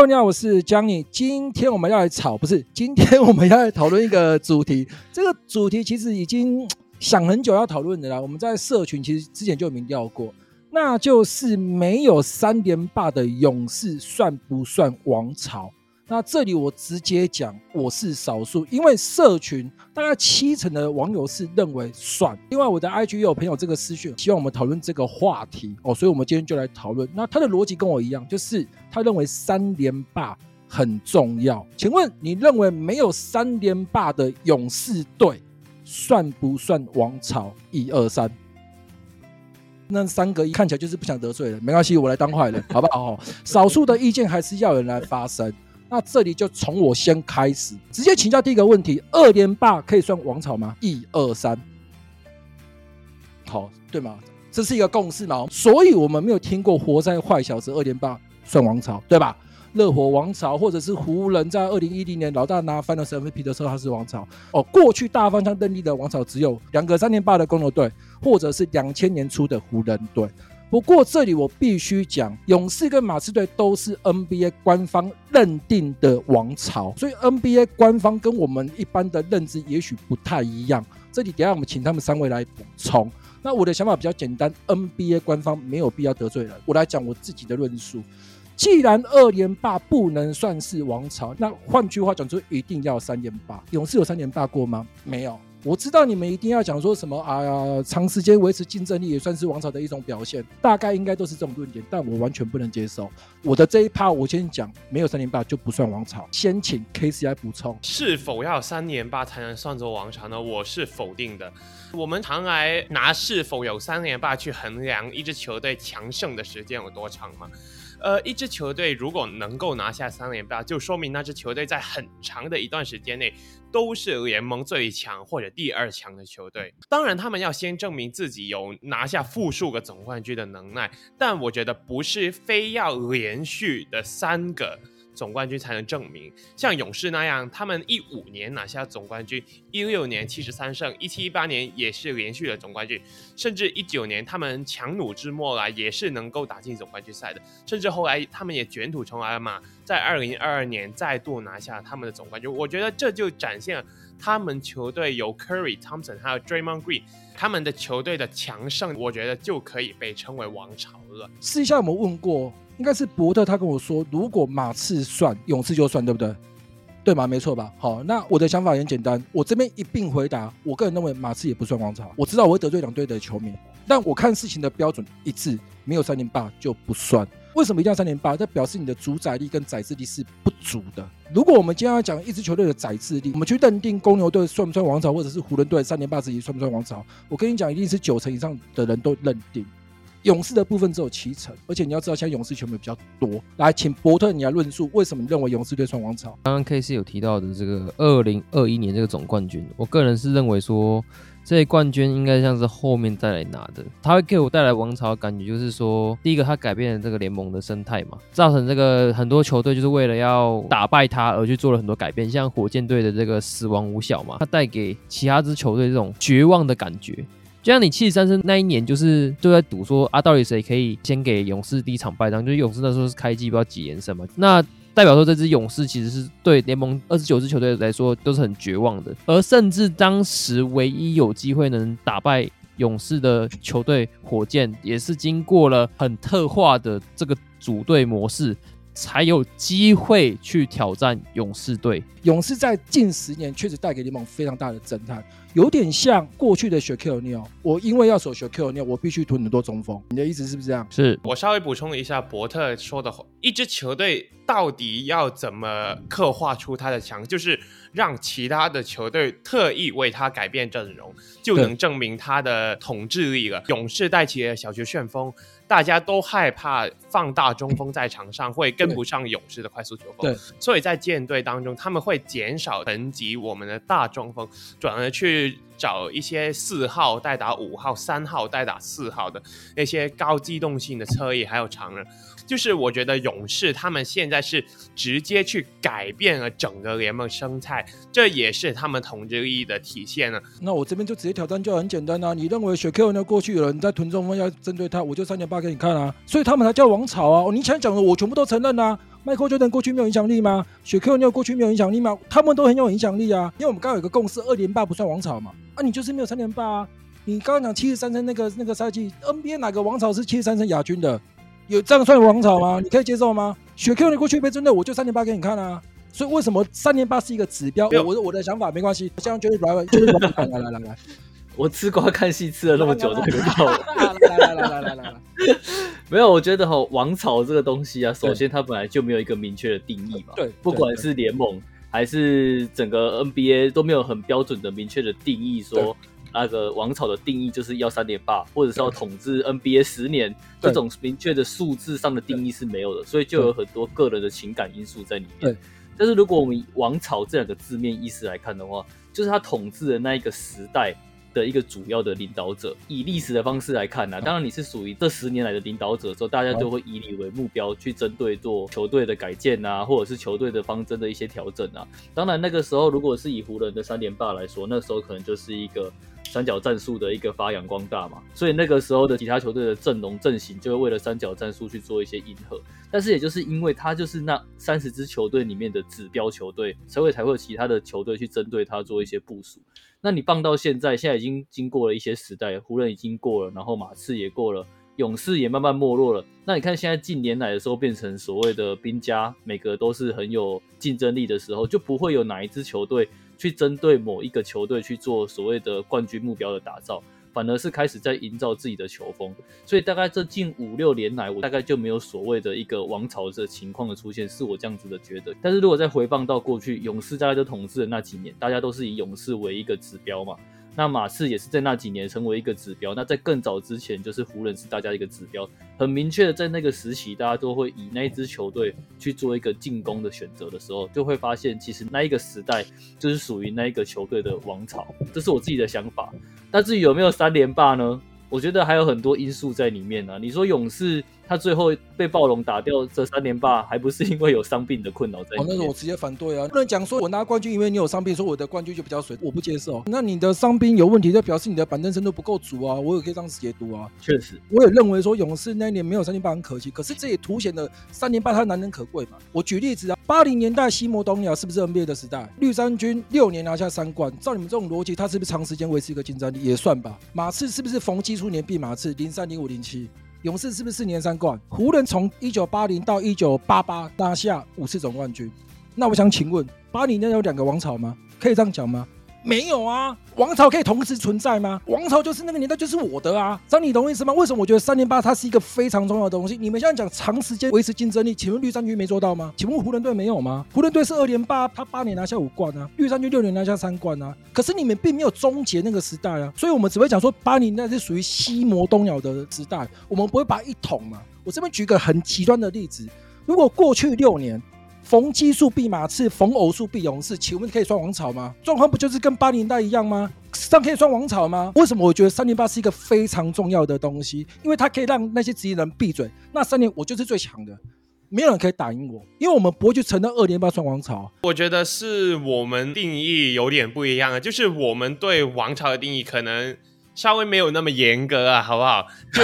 大家好，我是 Johnny。今天我們要來吵，不是，今天我們要來討論一個主題。這個主題其實已經想很久要討論的啦。我們在社群其實之前就有民調過，那就是沒有三連霸的勇士算不算王朝？那這裡我直接講，我是少數，因為社群大概七成的網友是認為算。另外，我的 IG 也有朋友這個私訊，希望我們討論這個話題哦，所以我們今天就來討論。那他的邏輯跟我一樣，就是他認為三連霸很重要。請問你認為沒有三連霸的勇士隊算不算王朝？一二三，那三個一看起來就是不想得罪人，沒關係，我來當壞人，好不好？少數的意見還是要有人來發聲。那這裡就從我先開始，直接請教第一個問題：二連霸可以算王朝嗎？一、二、三，好，對嗎？這是一個共識嘛？所以我們沒有聽過活塞壞小子二連霸算王朝，對吧？熱火王朝，或者是湖人，在二零一零年老大拿 Finals MVP 的時候，他是王朝哦。過去大方向認定的王朝只有兩個三連霸的公牛隊，或者是兩千年初的湖人隊。不過這裡我必須講，勇士跟馬刺隊都是 NBA 官方認定的王朝，所以 NBA 官方跟我們一般的認知也許不太一樣。這裡等一下我們請他們三位來補充。那我的想法比較簡單，NBA 官方沒有必要得罪人。我來講我自己的論述：既然二連霸不能算是王朝，那換句話講，就一定要三連霸。勇士有三連霸過嗎？沒有。我知道你們一定要講說什麼，啊、呃，長時間維持競爭力也算是王朝的一種表現，大概應該都是這種論點，但我完全不能接受。我的這一趴我先講，沒有三連霸就不算王朝。先請 KC 補充，是否要三連霸才能算作王朝呢？我是否定的。我們常來拿是否有三連霸去衡量一支球隊強盛的時間有多長嗎？呃，一支球隊如果能夠拿下三連霸，就說明那支球隊在很長的一段時間內都是聯盟最強或者第二強的球隊。當然，他們要先證明自己有拿下複數個總冠軍的能耐，但我覺得不是非要連續的三個。總冠軍才能證明，像勇士那樣，他們一五年拿下總冠軍，一六年七十三勝，一七一八年也是連續的總冠軍，甚至一九年他們強弩之末了，也是能夠打進總冠軍賽的，甚至後來他們也捲土重來了嘛，在二零二二年再度拿下他們的總冠軍。我覺得這就展現了他們球隊有 Curry、Thompson，還有 Draymond Green，他們的球隊的強盛，我覺得就可以被稱為王朝了。私底下有沒有問過？應該是伯特，他跟我說，如果馬刺算，勇士就算，對不對？對嗎？沒錯吧？好，那我的想法也很簡單，我這邊一併回答。我個人認為馬刺也不算王朝，我知道我會得罪兩隊的球迷，但我看事情的標準一致，沒有三連霸就不算。為什麼一定要三連霸？這表示你的主宰力跟宰制力是不足的。如果我們今天要講一支球隊的宰制力，我們去認定公牛隊算不算王朝，或者是湖人隊三連霸時期算不算王朝，我跟你講，一定是九成以上的人都認定。勇士的部分只有七成，而且你要知道，現在勇士球迷比較多。來，請伯特，你來論述為什麼你認為勇士隊算王朝。剛剛 KC 有提到的，這個二零二一年這個總冠軍，我個人是認為說，這一冠軍應該像是後面再來拿的。它會給我帶來王朝的感覺，就是說，第一個，它改變了這個聯盟的生態嘛，造成這個很多球隊就是為了要打敗它而去做了很多改變，像火箭隊的這個死亡五小嘛，它帶給其他支球隊這種絕望的感覺。就像你七十三勝那一年，就是就在賭說啊，到底誰可以先給勇士第一場敗仗？就是勇士那時候是開季，不知道幾連勝嘛，那代表說，這支勇士其實是對聯盟二十九支球隊來說都是很絕望的。而甚至當時唯一有機會能打敗勇士的球隊火箭，也是經過了很特化的這個組隊模式。才有機會去挑戰勇士隊。勇士在近十年確實帶給聯盟非常大的震撼，有點像過去的俠客歐尼爾。我因為要守俠客歐尼爾，我必須囤很多中鋒。你的意思是不是這樣？是我稍微補充一下，伯特說的話：一支球隊到底要怎麼刻畫出他的強，嗯、就是讓其他的球隊特意為他改變陣容，就能證明他的統治力了。對勇士帶起了小球旋風。大家都害怕放大中鋒在場上會跟不上勇士的快速球風，所以在艦隊當中他們會減少等級我們的大中鋒，轉而去。找一些四號代打五號、三號代打四號的那些高機動性的側翼，還有長人，就是我覺得勇士他們現在是直接去改變了整個聯盟生態，這也是他們統治力的體現呢、啊。那我這邊就直接挑戰，就很簡單啊！你認為 Shaq 呢，過去有人在屯中鋒要針對他，我就三點八給你看啊！所以他們才叫王朝啊！哦，你想講的我全部都承認啊！麥可喬丹過去沒有影響力嗎？雪 Q，你有過去沒有影響力嗎？他們都很有影響力啊，因為我們剛剛有一個共識，二連霸不算王朝嘛。啊，你就是沒有三連霸啊！你剛剛講七十三勝那個那個賽季，NBA 哪個王朝是七十三勝亞軍的？有這樣算王朝嗎？你可以接受嗎？雪 Q，你過去被針對，我就三連霸給你看啊！所以為什麼三連霸是一個指標？沒有 我的我的想法沒關係，這樣絕對來來來來來。我吃瓜看戲吃了那麼久，啊啊啊、都不知道。來來來來來來，啊啊、 沒有，我覺得哈、哦，王朝這個東西啊，首先它本來就沒有一個明確的定義吧？對，不管是聯盟對對對還是整個 NBA 都沒有很標準的、明確的定義說，說對那個王朝的定義就是要三連霸，或者是要統治 NBA 十年，對這種明確的數字上的定義是沒有的。所以就有很多個人的情感因素在裡面。對對但是如果我們以“王朝”這兩個字面意思來看的話，就是他統治的那一個時代。的一個主要的領導者，以歷史的方式來看呢，啊，當然你是屬於這十年來的領導者，所以大家就會以你為目標去針對做球隊的改建啊，或者是球隊的方針的一些調整啊。當然那個時候，如果是以湖人的三連霸來說，那時候可能就是一個三角戰術的一個發揚光大嘛。所以那個時候的其他球隊的陣容陣型就會為了三角戰術去做一些迎合。但是也就是因為他就是那三十支球隊裡面的指標球隊，才會才會有其他的球隊去針對他做一些部署。那你放到現在，現在已經經過了一些時代，湖人已經過了，然後馬刺也過了，勇士也慢慢沒落了。那你看現在近年來的時候，變成所謂的兵家，每個都是很有競爭力的時候，就不會有哪一支球隊去針對某一個球隊去做所謂的冠軍目標的打造。反而是開始在營造自己的球風，所以大概這近五六年來，我大概就沒有所謂的一個王朝的情況的出現，是我這樣子的覺得。但是如果再回放到過去，勇士大家都統治的那幾年，大家都是以勇士為一個指標嘛，那馬刺也是在那幾年成為一個指標。那在更早之前，就是湖人是大家一個指標，很明確的在那個時期，大家都會以那一支球隊去做一個進攻的選擇的時候，就會發現其實那一個時代就是屬於那一個球隊的王朝，這是我自己的想法。但至於有沒有三連霸呢？我覺得還有很多因素在裡面啊。你說勇士？他最後被暴龍打掉這三連霸，還不是因為有傷病的困擾在裡面？哦，那是我直接反對啊！不能講說我拿冠軍因為你有傷病，所以我的冠軍就比較水，我不接受。那你的傷病有問題，就表示你的板凳深度不夠足啊！我也可以這樣子解讀啊。確實，我也認為說勇士那一年沒有三連霸很可惜，可是這也凸顯了三連霸它難能可貴嘛。我舉例子啊，八零年代西摩東亞是不是 NBA 的時代？綠衫軍六年拿下三冠，照你們這種邏輯，他是不是長時間維持一個競爭力也算吧？馬刺是不是逢奇數年必馬刺？零三、零五、零七。勇士是不是四年三冠？湖人從一九八零到一九八八拿下五次總冠軍。那我想請問，八零年有兩個王朝嗎？可以這樣講嗎？沒有啊，王朝可以同時存在嗎？王朝就是那個年代，就是我的啊！這樣，你懂我意思嗎？為什麼我覺得三連霸它是一個非常重要的東西？你們現在講長時間維持競爭力，請問綠衫軍沒做到嗎？請問湖人隊沒有嗎？湖人隊是二連霸，他八年拿下五冠啊，綠衫軍六年拿下三冠啊，可是你們並沒有終結那個時代啊，所以我們只會講說八零年代是屬於西魔東鳥的時代，我們不會把它一統嘛。我這邊舉個很極端的例子，如果過去六年。逢奇數必馬刺，逢偶數必勇士。請問可以算王朝嗎？狀況不就是跟八零年代一樣嗎？史上可以算王朝嗎？為什麼我覺得三連霸是一個非常重要的東西？因為它可以讓那些職業人閉嘴。那三年我就是最強的，沒有人可以打贏我。因為我們不會去承認二連霸算王朝。我覺得是我們定義有點不一樣了，就是我們對王朝的定義可能。稍微沒有那麼嚴格啊，好不好？就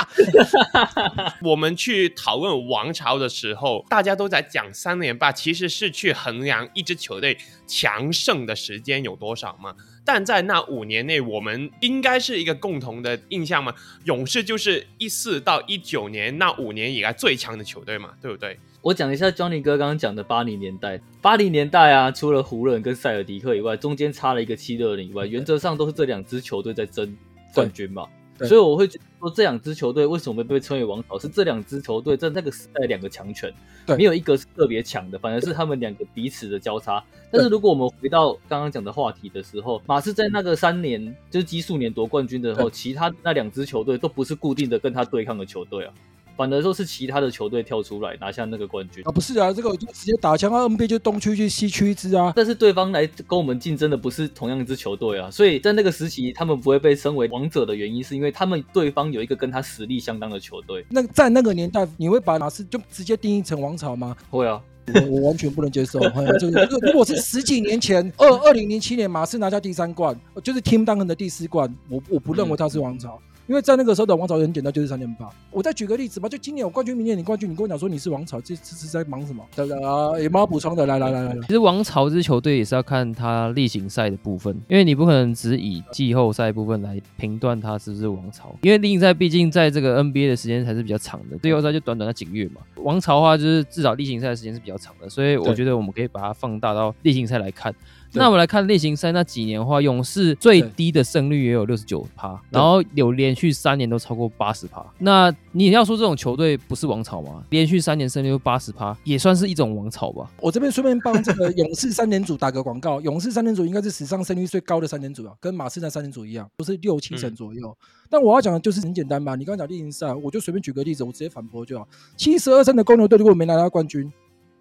我們去討論王朝的時候，大家都在講三連霸，其實是去衡量一支球隊強盛的時間有多少嗎？但在那五年內，我們應該是一個共同的印象嘛。勇士就是一四到一九年那五年以來最強的球隊嘛，對不對？我講一下 Johnny 哥剛剛講的八零年代，八零年代啊，除了湖人跟塞爾迪克以外，中間差了一個七六人以外，對原則上都是這兩支球隊在爭冠軍嘛。對所以我會覺得說，這兩支球隊為什麼被稱為王朝？是這兩支球隊在那個時代兩個強權，沒有一個是特別強的，反而是他們兩個彼此的交叉。但是如果我們回到剛剛講的話題的時候，馬刺在那個三年就是奇數年奪冠軍的時候，其他那兩支球隊都不是固定的跟他對抗的球隊啊。反而說是其他的球隊跳出來拿下那個冠軍啊，不是啊，這個我就直接打槍啊，NBA 就東區去西區一支啊。但是對方來跟我們競爭的不是同樣一支球隊啊，所以在那個時期他們不會被稱為王者的原因，是因為他們對方有一個跟他實力相當的球隊。那在那個年代，你會把馬刺就直接定義成王朝嗎？會啊，我我完全不能接受。如果、 啊就是、如果是十幾年前，二二零零七年馬刺拿下第三冠，就是 Team 當仁的第四冠，我我不認為他是王朝。嗯因為在那個時候的王朝很簡單，就是三連霸。我再舉個例子吧，就今年有冠軍，明年有冠軍，你跟我講說你是王朝，這這是在忙什麼？等等啊，有沒有補充的，來來來來，其實王朝這支球隊也是要看他例行賽的部分，因為你不可能只以季後賽部分來評斷他是不是王朝，因為例行賽畢竟在這個 NBA 的時間還是比較長的，季後賽就短短的幾個月嘛。王朝的話就是至少例行賽的時間是比較長的，所以我覺得我們可以把它放大到例行賽來看。那我們來看例行賽那幾年的話，對勇士最低的勝率也有六十九趴，對然後有連續三年都超過八十趴。對那你要說這種球隊不是王朝嗎？連續三年勝率都八十趴，也算是一種王朝吧？我這邊順便幫這個勇士三年組打個廣告， 勇士三年組應該是史上勝率最高的三年組啊，跟馬刺那三年組一樣，都、就是六七成左右。嗯、但我要講的就是很簡單嘛，你剛剛講例行賽，我就隨便舉個例子，我直接反駁就好。七十二勝的公牛隊如果沒拿到冠軍。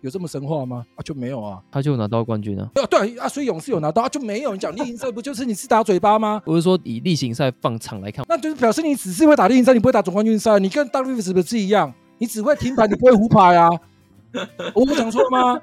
有這麼神話嗎？啊，就沒有啊，他就拿到冠軍了。啊，對啊，啊，所以勇士有拿到啊，就沒有。你講例行賽不就是你自打嘴巴嗎？不 是說以例行賽放場來看，那就是表示你只是會打例行賽，你不會打總冠軍賽，你跟 W 師傅是不是一樣？你只會停牌，你不會胡牌啊。 我講錯了嗎？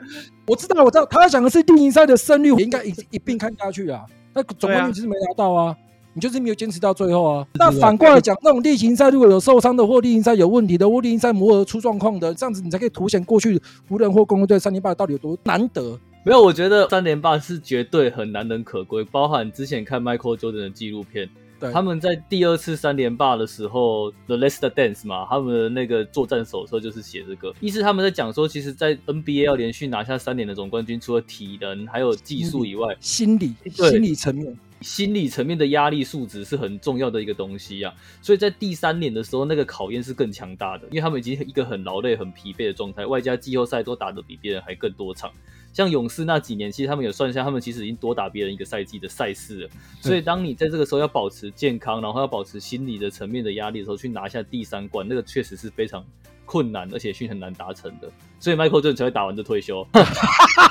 我知道，我知道，他講的是例行賽的勝率也，我應該一一並看下去啊。那總冠軍其實沒拿到啊。你就是沒有堅持到最後啊！那反過來講，那種例行賽如果有受傷的，或例行賽有問題的，或例行賽磨合出狀況的，這樣子你才可以凸顯過去湖人或公牛隊三連霸到底有多難得。沒有，我覺得三連霸是絕對很難能可貴。包含之前看 Michael Jordan 的紀錄片，對他們在第二次三連霸的時候，The Last Dance 嘛，他們的那個作戰手冊就是寫這個意思。他們在講說，其實在 NBA 要連續拿下三年的總冠軍，除了體能還有技術以外，心理，心理層面。心理層面的壓力數值是很重要的一個東西啊，所以在第三年的時候，那個考驗是更強大的，因為他們已經一個很勞累、很疲憊的狀態，外加季後賽都打得比別人還更多場。像勇士那幾年，其實他們有算一下，他們其實已經多打別人一個賽季的賽事了。所以，當你在這個時候要保持健康，然後要保持心理的層面的壓力的時候，去拿下第三冠，那個確實是非常困難，而且是很難達成的，所以 Michael 這才會打完就退休。哈哈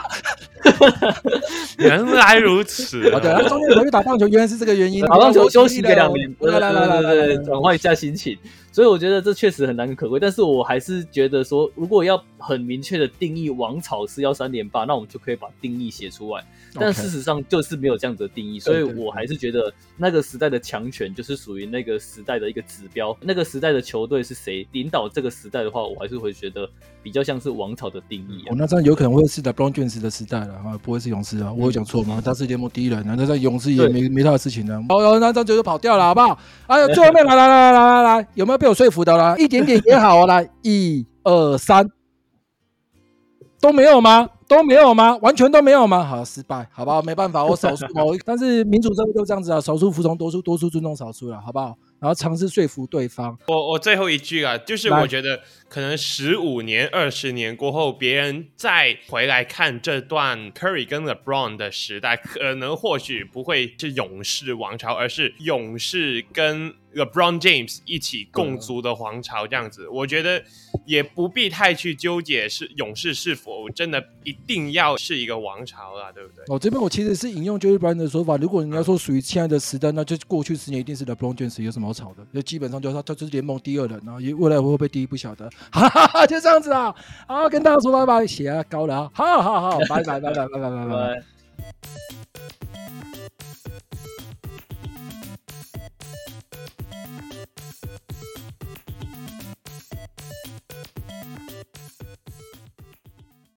哈，原來如此、啊， 對，他中間有跑去打棒球，原來是這個原因。打棒球休息個兩年，來，來來來來來，轉換一下心情。 所以我覺得這確實很難可貴，但是我還是覺得說，如果要很明確的定義王朝是要三連霸，那我們就可以把定義寫出來。但事實上就是沒有這樣子的定義，Okay. 所以我還是覺得那個時代的強權就是屬於那個時代的一個指標。那個時代的球隊是誰領導這個時代的話，我還是會覺得比較像是王朝的定義、啊。嗯、的我那張有可能會是 LeBron James 的時代了啊，不會是勇士啊？嗯、我有講錯嗎？嗯、他是聯盟第一人、啊，難道在勇士也沒對沒，沒他的事情呢、啊？哦哦，那張球就跑掉了，好不好？哎最後面 來來來來來來，有沒有？沒有說服的啦，一點點也好啊！來， 一二三，都沒有嗎？都沒有嗎？完全都沒有嗎？好，失敗，好吧好，沒辦法，我少數，某 但是民主社會就這樣子啊，少數服從多數，多數尊重少數了，好不好？然後嘗試說服對方。我我最後一句啊，就是我覺得可能十五年、二十來年過後，別人再回來看這段 Curry 跟 LeBron 的時代，可能或許不會是勇士王朝，而是勇士跟 LeBron James 一起共組的皇朝，嗯，這樣子。我覺得也不必太去糾結是勇士是否真的一。定要是一個王朝了，啊，對不對？哦，這邊我其實是引用 Jerry Bryant 的說法，如果你要說屬於親愛的時代，那就過去十年一定是 LeBron James，um、有什麼好吵的？就基本上就是他，就是聯盟第二人，然後也未來會不會第一不曉得，哈哈哈，就這樣子啊。好，跟大家說拜拜，謝 啊，高了啊，好好好，拜拜拜拜拜拜拜拜。